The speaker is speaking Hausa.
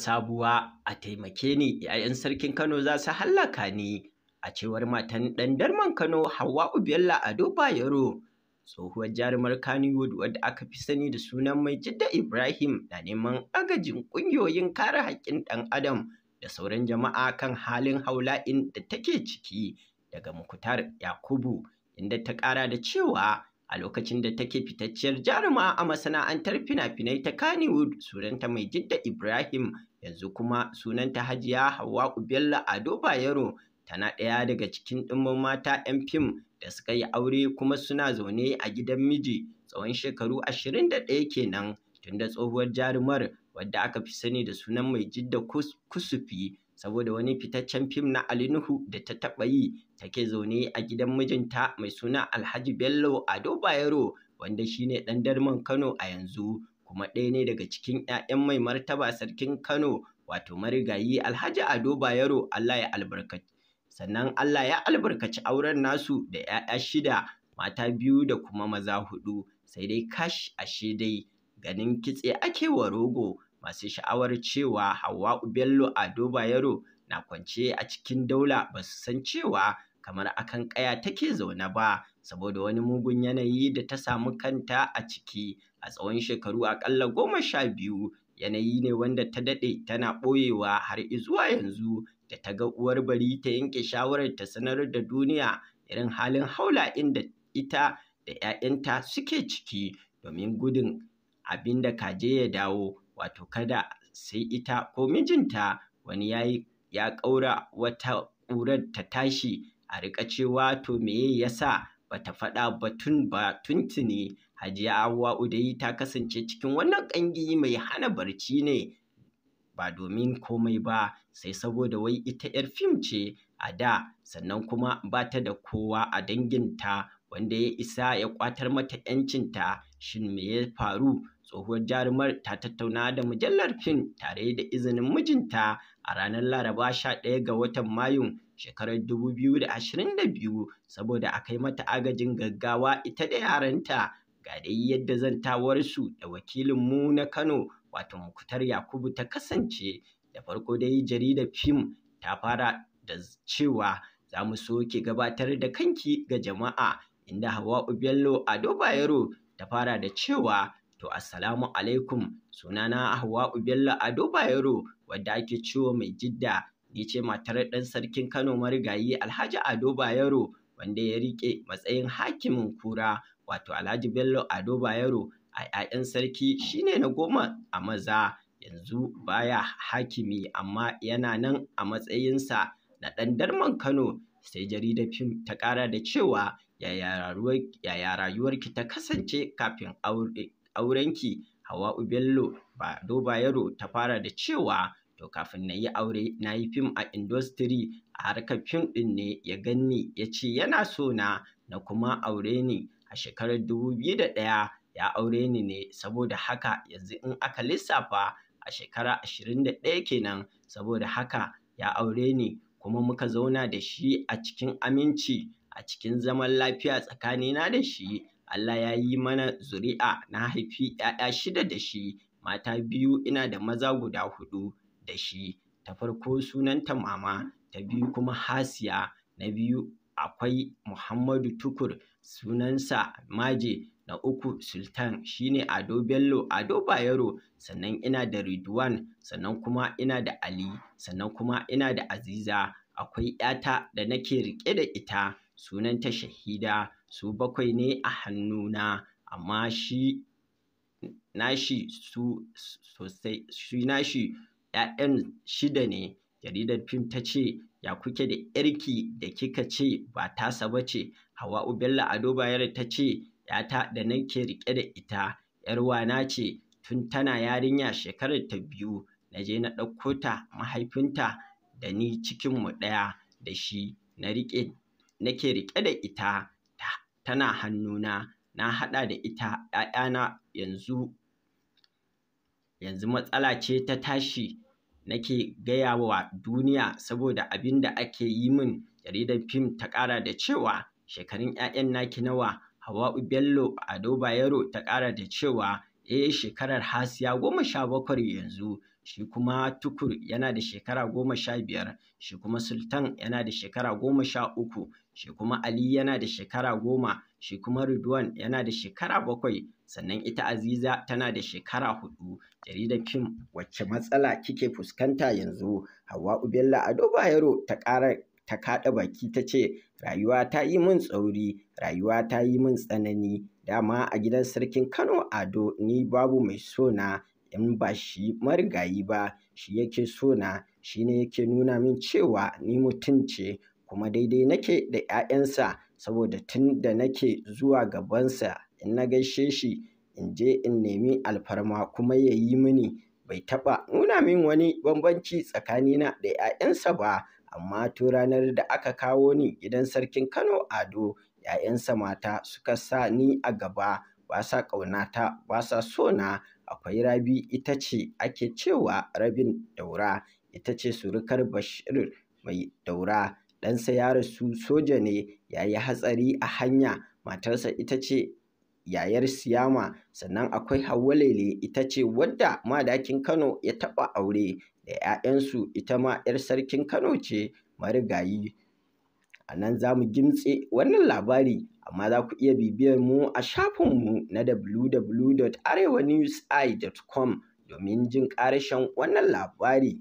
sabuwa a taimake ni ‘ya'yan sarkin Kano za su hallaka ni a cewar matan ɗan Kano Hauwa Ubella Ado Bayero tsohuwar jarumar Kannywood wadda aka fi sani da sunan mai jidda Ibrahim na neman agajin ƙungiyoyin kare haƙƙin ɗan adam da sauran jama'a kan halin haula'in da take ciki daga Mukutar Yakubu inda ta ƙara da cewa a lokacin da take fitacciyar jaruma a masana'antar fina-finai ta Kannywood sunanta mai jidda Ibrahim yanzu kuma sunanta Hajiya hauwa Bello Ado Bayero tana ɗaya daga cikin ɗimbin mata 'yan fim da suka yi aure kuma suna zaune a gidan miji tsawon shekaru 21 kenan tunda tsohuwar jarumar wadda aka fi sani da sunan mai jidda kusufi saboda wani fitaccen fim na Ali Nuhu da ta taɓa yi take zaune a gidan mijinta mai suna Alhaji Bello Ado Bayero wanda shine ɗan darman Kano a yanzu kuma ɗaya ne daga cikin 'ya'yan mai martaba sarkin Kano wato marigayi Alhaji Ado Bayero Allah ya albarkaci sannan Allah ya albarkaci auren nasu da 'ya'ya shida mata biyu da kuma maza hudu sai dai kash ashe dai ganin kitse ake wa rogo masu sha'awar cewa Hauwa Ubello Ado Bayero na kwance a cikin daula ba su san cewa kamar akan ƙaya take zaune ba saboda wani mugun yanayi da ta samu kanta a ciki a tsawon shekaru aƙalla goma sha biyu yanayi ne wanda ta daɗe tana ɓoyewa har izuwa yanzu da ta ga uwar bari ta yanke shawarar ta sanar da duniya irin halin haula inda ita da 'ya'yanta suke ciki domin gudun abin da kaje ya dawo wato kada sai ita ko mijinta wani yayi ya ƙaura wata ƙurar ta tashi a riƙa cewa to meye yasa bata faɗa ba tun ba tuntuni Hajiya Hawwa'u dai ta kasance cikin wannan ƙangi mai hana barci ne ba domin komai ba sai saboda wai ita 'yar fim ce a da sannan kuma ba ta da kowa a danginta wanda ya isa ya ƙwatar mata 'yancinta shin me ya faru tsohuwar jarumar ta tattauna da mujallar fim tare da izinin mijinta a ranar laraba sha ɗaya ga watan mayun shekarar dubu biyu da da ashirin biyu, saboda a kai mata agajin gaggawa ita da yaranta ga dai yadda tawarsu da wakilin mu na kano wato mukutar yakubu ta kasance da farko dai jaridar fim ta fara da cewa za mu so ke gabatar da kanki ga jama'a inda Hawa'u Bello Ado Bayero ta fara da cewa to assalamu alaikum sunana Hawwa'u Bello Ado Bayero wadda ake ciwo mai jidda ni ce matar ɗan sarkin Kano marigayi Alhaji Ado Bayero wanda ya rike matsayin hakimin kura wato Alhaji Bello Ado Bayero a 'ya'yan sarki shine na goma a maza yanzu baya hakimi amma yana nan a matsayinsa na ɗan darman Kano sai jaridar fim ta ƙara da cewa yaya rayuwarki ta kasance kafin aurenki Hawa'u Bello Bado Bayero ta fara da cewa to kafin na yi aure na yi fim a industry a harkar fim ɗin ne ya ganni ya ce yana so na na kuma aure ni a shekarar 2001 ya aure ni ne saboda haka yanzu in aka lissafa a shekara 21 kenan saboda haka ya aure ni kuma muka zauna da shi a cikin aminci a cikin zaman lafiya tsakanina da shi Allah ya yi mana zuri'a na haifi ‘ya'ya shida da shi mata biyu ina da maza guda huɗu da shi ta farko sunanta mama ta biyu kuma hasiya na biyu akwai muhammadu tukur sunansa maje na uku sultan shine ado bello ado bayero sannan ina da ridwan sannan kuma ina da ali sannan kuma ina da aziza akwai ‘yata da nake riƙe da ita sunanta Shahida su bakwai ne a hannuna amma shi nashi su sosai shi nashi 'ya'yan shida ne jaridar fim ta ce ya kuke da 'yarki da kika ce ba tasa ba ce Hawa'u Bello Ado Bayero ta ce ‘yata da nake riƙe da ita ‘yarwana ce tun tana yarinya shekarar ta biyu na je na ɗauko ta mahaifinta da ni cikinmu ɗaya da shi na riƙe nake riƙe da ita tana hannuna na haɗa da ita ‘ya'yana yanzu yanzu matsala ce ta tashi nake gaya wa duniya saboda abin da ake yi min jaridar fim ta ƙara da cewa shekarun 'ya'yan naki nawa Hawa'u Bello Ado Bayero ta ƙara da cewa eh shekarar Hasiya goma sha bakwai yanzu shi kuma Tukur yana da shekara goma sha biyar shi kuma Sultan yana da shekara goma sha uku shi kuma Ali yana da shekara goma shi kuma Ridwan yana da shekara bakwai sannan ita Aziza tana da shekara hudu jaridar Kim wacce matsala kike fuskanta yanzu Hawwa Bello Ado Bayero ta ƙara ta kaɗa baki ta ce rayuwa ta yi min tsauri rayuwa ta yi min tsanani dama a gidan sarkin Kano Ado ni babu mai sona in ba shi marigayi ba shi yake sona shi ne yake nuna min cewa ni mutum ce kuma daidai nake da 'ya'yansa saboda tun da nake zuwa gabansa in na gaishe shi in je in nemi alfarma kuma ya yi mini bai taɓa nuna min wani bambanci tsakanina da 'ya'yansa ba amma to ranar da aka kawo ni gidan sarkin Kano Ado 'ya'yansa mata suka sa ni a gaba ba sa ƙaunata ba sa sona akwai rabi ita ce ake cewa rabin daura ita ce surukar bashir mai daura ɗansa ya rasu soja ne ya yi hatsari a hanya matarsa ita ce yayar siyama sannan akwai hauwa lele ita ce wadda madakin kano ya taɓa aure da 'ya'yansu ita ma 'yar sarkin kano ce marigayi a nan za mu gimtse wannan labari amma za ku iya bibiyar mu a shafinmu na www.arewanewsi.com domin jin ƙarashen wannan labari